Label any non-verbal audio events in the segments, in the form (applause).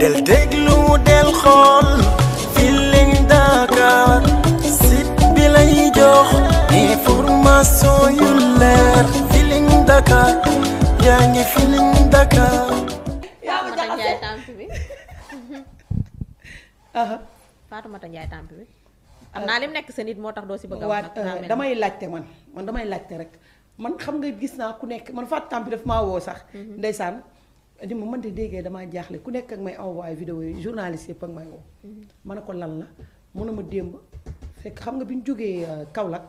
del déglu del xool Feeling Dakar site bi lay jox information yu leer Feeling Dakar yaa ngi Feeling Dakar. Fatoumata Ndiaye tàmp bi. (laughs) Fatoumata Ndiaye tàmp bi. am naa lim nekk sa nit moo tax doo si bëgg a wax. Euh, damay laajte man man damay laajte rek man xam nga gis naa ku nekk man Fatou tàmp daf maa sax. Mhm. ndeysaan. ni ma mënta déggee damaa jaaxle ku nekk ak may envoyé vidéo yi journaliste yëpp ak may woo. Mhm. ma ne ko lan la mu a ma démb fekk xam nga bi ñu jógee euh, Kaolack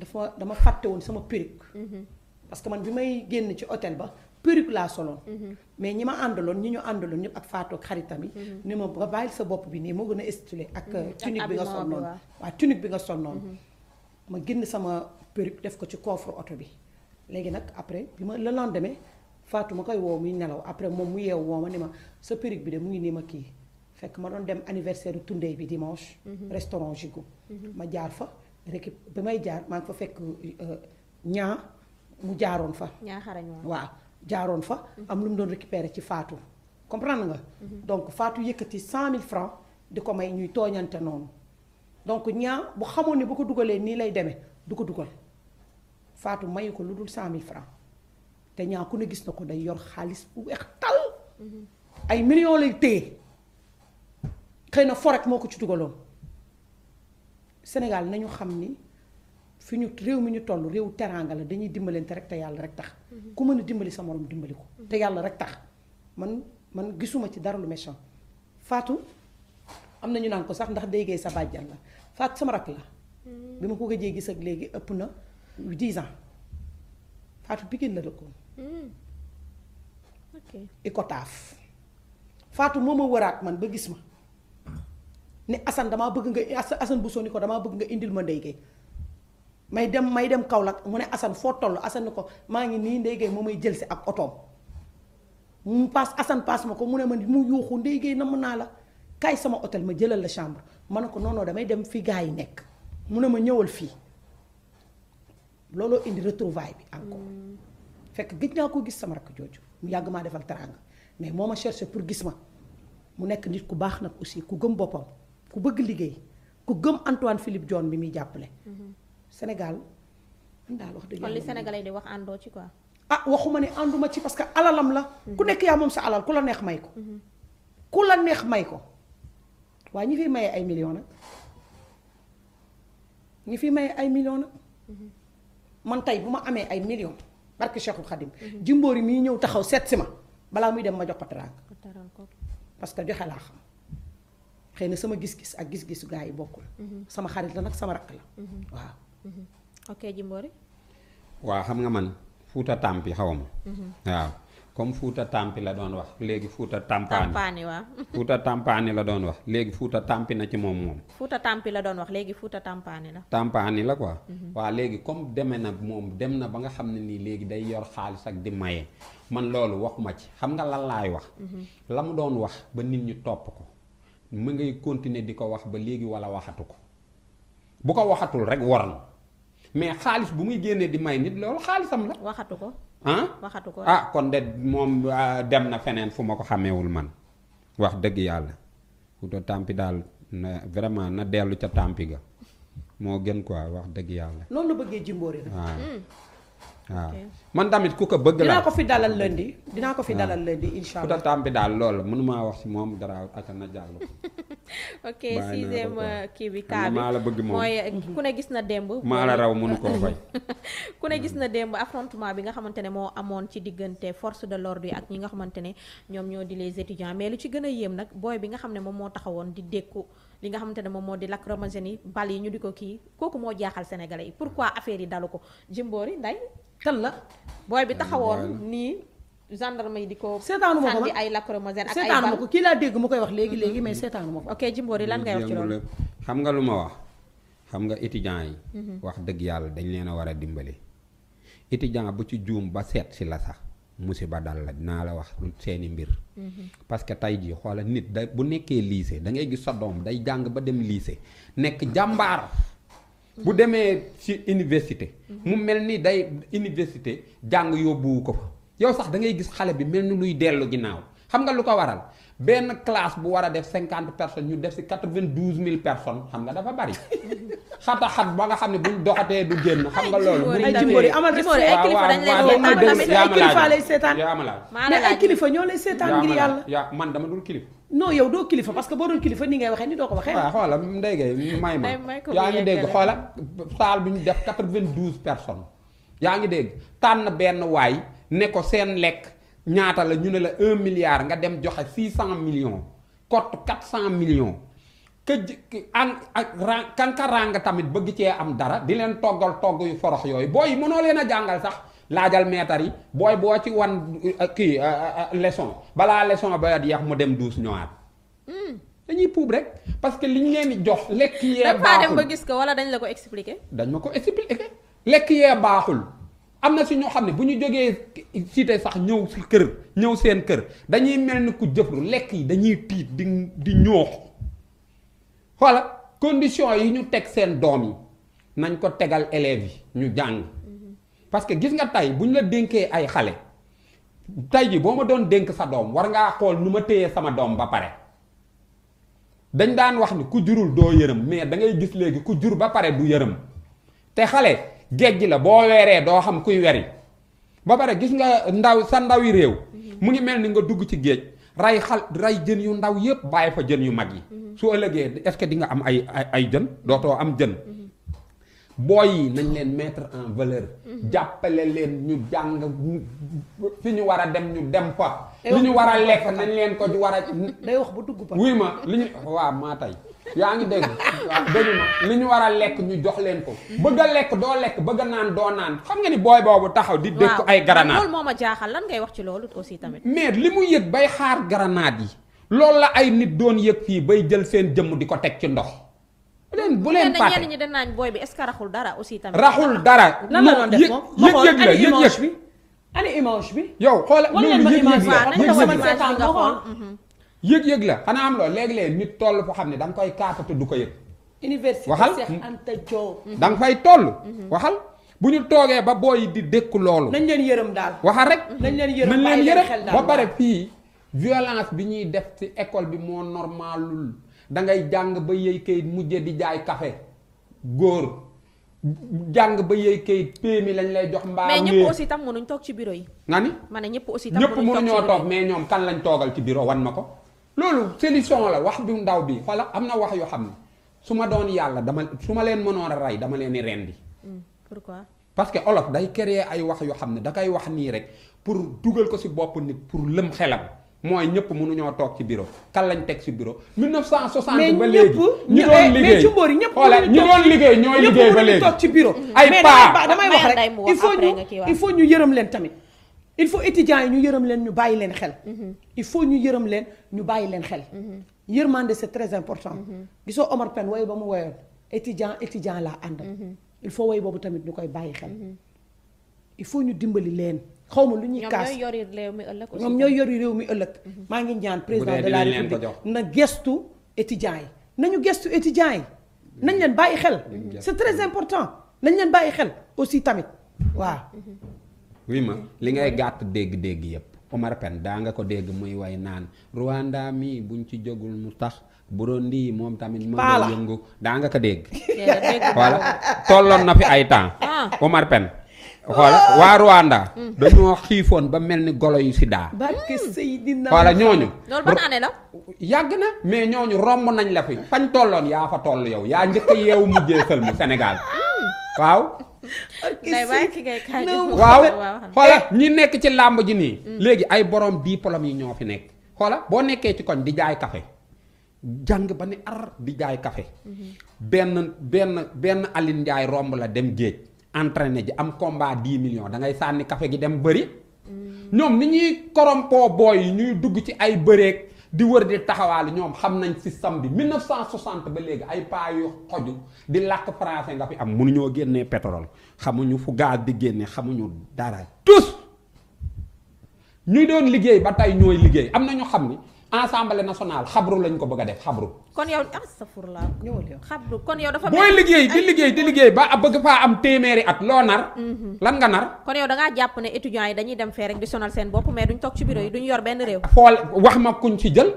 dafa dama fàtte woon sama perruque. Mhm. parce que man bi may génn ci hôtel ba perruque laa soloon. Mhm. mais ñi ma àndaloon ñi ñu àndaloon ñëpp ak Fatou xaritam yi. ni ma ba bàyyil sa bopp bi nii moo gën a stylé ak euh, tunique bi nga sonnoon waaw tunique bi nga sonnoon. ma génn sama perruque def ko ci coffre oto bi léegi nag après bi ma le lendemain. Fatou ma wo woo muy nelaw après moom mu yeew woo ma nima ma sa perruque bi de mu ngi nima ki fek ma don dem anniversaire Tunde bi dimanche. Mhm. restaurant Jigo. Mhm. ma jaar fa rekk bi may jaar maa ngi fa fekk ñaa euh, mu jaaroon fa. ñaa xarañ waaw jaaroon fa. Mhm. am lu mu doon récupérer ci Fatou. comprendre nga. donc Fatou yëkkati 100000 francs di ko may ñuy toñante non donc ñaa bu xamone bu ko dugalee ni lay démé du ko dugal Fatou mayu ko lu 100000 francs te ñaa ku ne gis na ko day yor xaalis bu weex tal ay millions lay téye xëy na forek moo ko ci dugaloon Sénégal nañu xam ni fi ñu réew mi ñu toll réew teraanga la dañuy dimbalante rek te yàlla rek tax mhm. ku mën a dimbali sa morom dimbali ko mhm. te yàlla rek tax man man gisuma ci dara lu méchant faatu am na ñu naan ko sax ndax déggee sa bàjjan la Fatou sama rak la mhm. bi ma ko gëjee gis ak léegi ëpp na 10 ans Fatou Pikine la dëkkoon Hmm. Icotaf Fatou moo ma wëraat man ba gis ma ni Assane damaa bëgg nga Assane bu ni ko damaa bëgg nga indil ma Ndeye may dem may dem Kaolack mu ne Assane foo toll Assane ni ko maa ngi nii Ndeye Gueye moo may jël si ak otoom mu paas Assane paas ma ko mu ne ma mu yuuxu Ndeye Gueye namm naa la kaay sama hôtel ma jëlal la chambre ma ne ko noonoo damay dem fi gars yi nekk mu ne ma ñëwal fii looloo indi retrouvaille bi am encore hmm. fekk gëj naa koo gis sama rakk jooju mu yàgg maa defal teraanga mais moo ma cherché pour gis ma mu nekk nit ku baax nag aussi ku gëm boppam ku bëgg liggéey ku gëm Antoine Philippe Diome bi muy jàppale. Mm-hmm. Sénégal man daal wax dëgg yàlla. kon li wax àndoo ci quoi. ah waxuma ne ànduma ci parce que alalam la. Mm-hmm. ku nekk yaa moom sa alal ku la neex may ko. Mm-hmm. ku la neex may ko waaye ñi fi maye ay millions nag ñi fi maye ay million nag man tey bu ma amee ay millions. barke Cheikhul Khadim. Mhm. Jimbori mii ñëw taxaw seet si ma balaa muy dem ma jox ko teraanga parce que joxe laa xam xëy na sama gis-gis ak gis-gisu gaa yi bokkul. Mhm. sama xarit la nag sama rakk la. Mhm. waaw. ok Jimbori. waaw xam nga man Fuuta Tampi xaw ma waaw. comme Fuuta Tampi la doon wax léegi Fuuta Tampaani Tampaani waaw. Fuuta Tampaani la doon wax léegi Fuuta Tampi na ci moom moom. Fuuta Tampi la doon wax léegi Fuuta Tampaani la. Tampaani la ko mhm. waa léegi comme deme nag moom dem na ba nga xam ne nii léegi day yor xaalis ak di maye man loolu waxuma ci xam nga lan laay wax. Mhm. la mu doon wax ba nit ñu topp ko mu ngay continuer di ko wax ba léegi wala waxatu ko bu ko waxatul rek war na mais xaalis bu muy génnee di may nit ah waxatu ko ah kon de moom ah, dem na feneen fu ma ko xameewul man wax dëgg yàlla uto tàmpi daal na vraiment na dellu ca tàmpi ga moo gën quoi wax dëgg yàlla. noonu waaw ah. man tamit ku ko bëgg la dinaa ko fi dalal leen di dinaa ko fi dalal lundi incha allah. ku tam bi daal loolu mënumaa wax si moom dara ak na jàll. (laughs) ok sixième euh, kii bi kaa bi maa la bëgg moom mooy euh, ku ne gis na démb. (laughs) maa la raw mënu koo fay. (laughs) ku ne gis na démb affrontement bi nga xamante ne moo amoon ci diggante force de l'ordre yi ak ñi nga xamante ne ñoom ñoo di les étudiants mais lu ci gën a yéem nag booy bi nga xam ne moom moo taxawoon di dékku. li nga xamante ne moom moo di lacrymogène yi bal yi ñu di ko kii kooku moo jaaxal sénégalais yi pourquoi affaire yi dalu ko Jimbori nday kan la booy bi taxawoon nii gendarme yi di ko seetaanu ma ko sànni ay lacrymogène ak ay seetaanu ma ko kii laa koy wax léegi léegi mais seetaanu ma ko ok Jimbori lan ngay wax ci loolu xam nga lu ma wax xam nga étudiant yi mhm. wax dëgg yàlla dañ leen a war a dimbali étudiant bu ci juum ba seet si la sax musiba dal la dinaa la wax seeni mbir. Mhm. parce que tey jii xoola nit da bu nekkee lycée da ngay gis sa doom day jàng ba dem lycée nekk jàmbaar. bu mhm. demee ci université. Mhm. mu mel ni day université jàng yóbbuwu ko fa. yow sax da ngay gis xale bi mel ni luy dellu ginnaaw xam nga lu ko waral benn classe bu war a def cinquante personnes ñu def si quatre vingt douze mille personnes xam nga dafa bari xata (laughs) xat ba nga xam ne buñ doxatee du génn xam nga loolu. ay jimboori amal rek waaw waaw ay kilifa ñoo lay seetaan ngir yàlla. yaa man dama dul kilifa. non yow doo kilifa parce que boo doon kilifa ni ngay waxee ni doo ko waxee. waaw xoola ndéygay may ma yaa ngi dégg xoola saal bu ñu def quatre vingt douze personnes yaa ngi dégg tànn benn waay ne ko seen lekk ñaata la ñu ne la 1 milliard nga dem joxe 600 millions cote 400 millions ke an kan ka rang tamit bëgg ci am dara di len togal togg yu forox yoy boy mëno leena jangal sax laajal metari boy bo ci wan uh, ki uh, uh, leçon bala leçon ba yeex mu dem duus hmm dañuy poub rek parce que liñ leen di jox lek yé baaxul dem ba gis ko wala dañ la ko expliquer dañ ma ko expliquer lek yé baaxul am na si ñoo xam ne bu ñu jógee cité sax ñëw si kër ñëw seen kër dañuy mel ni ku jëfru lekk yi dañuy piit di di ñoox xoola condition yi ñu teg seen doom yi nañ ko tegal élèves yi ñu jàng parce que gis nga tey bu ñu la dénkee ay xale tey ji boo ma doon dénk sa doom war ngaa xool nu ma téye sama doom ba pare dañ daan wax ni ku jurul doo yërëm mais da ngay gis léegi ku jur ba pare du yërëm te xale géej gi la boo weeree doo xam kuy weri ba pare gis nga ndaw sa ndawi réew mu ngi mel ni nga dugg ci géej ray xal ray jën yu ndaw yëpp bàyyi fa jën yu mag yi mhm. su ëllëgee est-ce que di nga am ay ay jën dootoo am jën mhm. booy yi nañ leen mettre en valeur mhm. jàppale leen ñu jàng fi ñu war a dem ñu dem fa li ñu war a lekk nañ leen ko war a wax bu dugg pa wuy ma li ñu waaw maa tey yaa ngi dégg waaw dégg na ñu war a lekk ñu jox leen ko. bëgg a lekk doo lekk bëgg a naan doo naan xam nga ni booy boobu taxaw. di dëkk ay grenade loolu moo ma jaaxal lan ngay wax ci loolu aussi tamit. mais li mu yëg bay xaar grenade yi. loolu la ay nit doon yëg fii bay jël seen jëmm di ko teg ci ndox. leen bu leen pàtte ñenn ñi dañ naan booy bi est-ce que raxul dara aussi tamit. raxul dara. lan la doon def moom yëg yëg la yëg yëg bi. ani image bi. yow xoolal loolu yëg yëg la yëg-yëg la xanaa am loolu léeg-léeg nit toll foo xam ne da koy kaata du ko yëg. université Cheikh Anta Diop waxal mm-hmm. danga nga fay toll. waxal bu ñu toogee ba booy di dékku loolu. nañ leen yërëm daal waxal rek. Mm-hmm. nañ leen yërëm nañ leen yërëm ba pare fii. violence bi ñuy def ci école bi moo normalul da ngay jàng ba yëy kayit mujje di jaay kafe góor jàng ba yëy kayit péemi lañ lay jox. mbaa mais ñëpp aussi tam mënuñ toog ci bureau yi. nga ni ma ne ñëpp aussi tam mënuñ toog ci toog mais ñoom kan lañ toogal ci bureau wan ma ko. loolu solution la wax ju ndaw bi xoola am na wax yoo xam ne su ma doon yàlla dama su ma leen mënoon a rey dama leen di rendi. Mm. pourquoi. parce que olof day créer ay wax yoo xam ne da koy wax nii rek pour dugal ko si bopp nit pour lëm xelam mooy ñëpp mënuñoo toog ci biro kan lañ teg si bureau. 1960 ba léegi ñu doon liggéey mais ñëpp mais ñi doon liggéey ñooy liggéey ba léegi ñëpp mënuñu toog ci bureau. ay pas damay wax rek il faut ñu yërëm leen tamit. il faut étudiants ñu yërëm leen ñu bayi xel. Mhm. il faut ñu leen ñu bayi leen xel. Mhm. c'est très important. Mhm. gisoo Omar pen ba mu étudiant étudiant laa il faut woy boobu tamit ñu koy xel. il faut ñu dimbali leen. xaw ma lu ñuy yori réew mi ëllëg. yori ngi ñaan président de la république na gestu étudiant yi nañu gestu étudiant yi c'est très important nañ leen nous xel aussi tamit wi ma li ngay gàtt dégg-dégg yëpp Omar Pène daa nga ko dégg muy way naan Rwanda mii buñ ci jógul mu tax bu Burundi moom tamit moo ngi yëngu daa nga ko dégg (laughs) ay temps ah. waa Rwanda hmm. dañoo xiifoon ba mel ni golo yu si daa xoola ñooñu yàgg na mais ñooñu romb nañ la fi fañ tolloon yaa fa toll yow yaa njëkk yeewu mujjee sël mu Sénégal hmm. waaw day bàyyi waaw xoola ñi nekk ci làmb ji nii. Mm. léegi ay borom diplôme yi ñoo fi nekk. xoola boo nekkee ci koñ di jaay kafe jàng ba ni ar di jaay kafe mm-hmm. benn benn benn Aline Ndiaye romb la dem géej entrene ji am combat di million da ngay sànni kafe gi dem bëri. Mm. ñoom ni ñuy korompoo booy yi ñuy dugg ci ay bëreek di wër di taxawaalu ñoom xam nañ système bi 1960 ba léegi ay paa yu xoju di làkk français nga fi am ñoo génnee pétrole xamuñu fu gaz di génne xamuñu dara tous ñu doon liggéey ba tey ñooy liggéey am na ñu xam ni. assemblée nationale xabru lañ ko bëgg a def xabru. kon yow astafurlaa ñëwal yow xabru kon yow dafa. booy liggéey di liggéey di liggéey ba bëgg faa am téeméeri at loo nar. Mhm. lan nga nar. kon yow da ngaa jàpp ne étudiants yi dañuy dem fee rek di sonal seen bopp mais duñ toog ci bureau yi duñ yor benn réew. xool wax ma kuñ ci jël.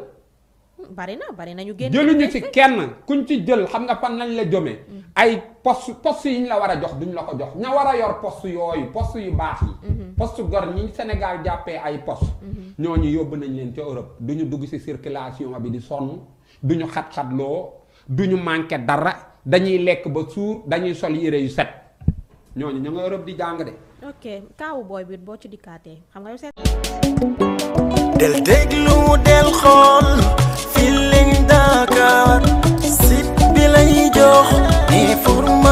bari na bari na ñu génn jëluñu ci kenn ñu ci jël xam nga fan lañ la jomee mm. ay poste poste yi ñu la war a jox duñ la ko jox ña war a yor poste yooyu poste yu baax yi mm-hmm. poste gor ñi Sénégal jàppee ay ñoo mm-hmm. ñooñu yóbbu nañ leen ci Europe du ñu dugg ci circulation bi di sonn duñu ñu xat-xatloo du ñu manqué dara dañuy lekk ba suur dañuy sol yére yu set ñooñu ñu nga Europe di jàng de ok kaawu booy bi boo ci dikkaatee xam nga yow seet del déglu del xool